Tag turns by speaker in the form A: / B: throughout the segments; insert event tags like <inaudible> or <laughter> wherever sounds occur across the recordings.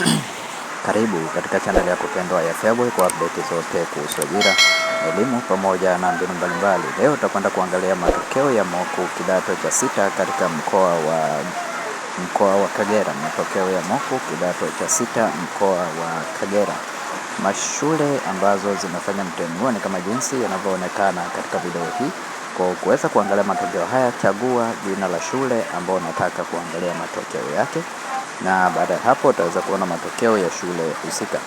A: <clears throat> Karibu katika channel yako pendwa ya FEABOY kwa update zote kuhusu ajira, elimu pamoja na mbinu mbalimbali. Leo tutakwenda kuangalia matokeo ya moku kidato cha sita katika mkoa wa mkoa wa Kagera. Matokeo ya moku kidato cha sita mkoa wa Kagera, mashule ambazo zinafanya mtihani kama jinsi yanavyoonekana katika video hii. Kwa kuweza kuangalia matokeo haya, chagua jina la shule ambayo unataka kuangalia matokeo yake na baada ya hapo utaweza kuona matokeo ya shule husika.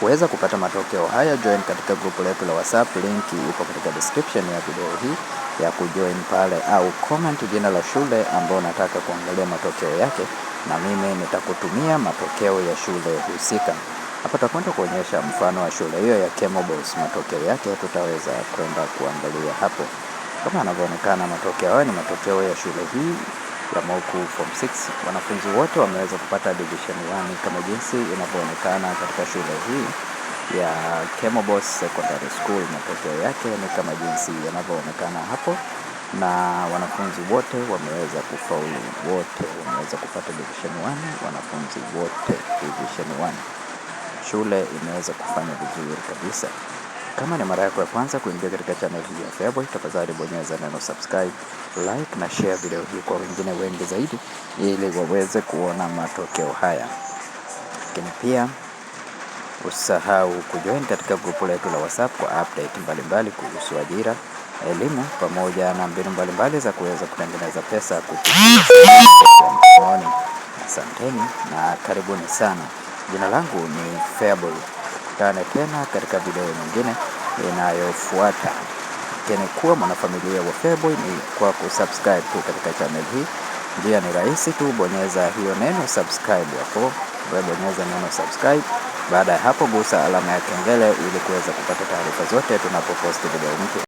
A: Kuweza kupata matokeo haya, join katika grupu letu la WhatsApp, link ipo katika description ya video hii ya kujoin pale, au comment jina la shule ambayo unataka kuangalia matokeo yake, na mimi nitakutumia matokeo ya shule husika. Hapa tutakwenda kuonyesha mfano wa shule hiyo ya Kemobos, Matokeo yake tutaweza kwenda kuangalia hapo. Kama anavyoonekana, matokeo haya ni matokeo ya shule hii ya mwaka form 6 wanafunzi wote wameweza kupata division 1 kama jinsi inavyoonekana katika shule hii ya Kemobos Secondary School. Matokeo yake ni kama jinsi yanavyoonekana hapo, na wanafunzi wote wameweza kufaulu, wote wameweza kupata division 1, wanafunzi wote division 1. Shule imeweza kufanya vizuri kabisa. Kama ni mara yako ya kwanza kuingia katika channel hii ya Feaboy, tafadhali bonyeza neno subscribe, like na share video hii kwa wengine wengi zaidi, ili waweze kuona matokeo haya. Lakini pia usahau kujoin katika grupu letu la WhatsApp kwa update mbalimbali kuhusu ajira, elimu pamoja na mbinu mbalimbali za kuweza kutengeneza pesa kupitia Asanteni na karibuni sana. Jina langu ni Feaboy tukutane tena katika video nyingine inayofuata. Kuwa mwanafamilia wa Feaboy ni kwa kusubscribe tu katika channel hii. Njia ni rahisi tu, bonyeza hiyo neno subscribe hapo, bonyeza neno subscribe. Baada ya hapo, gusa alama ya kengele ili kuweza kupata taarifa zote tunapopost video mpya.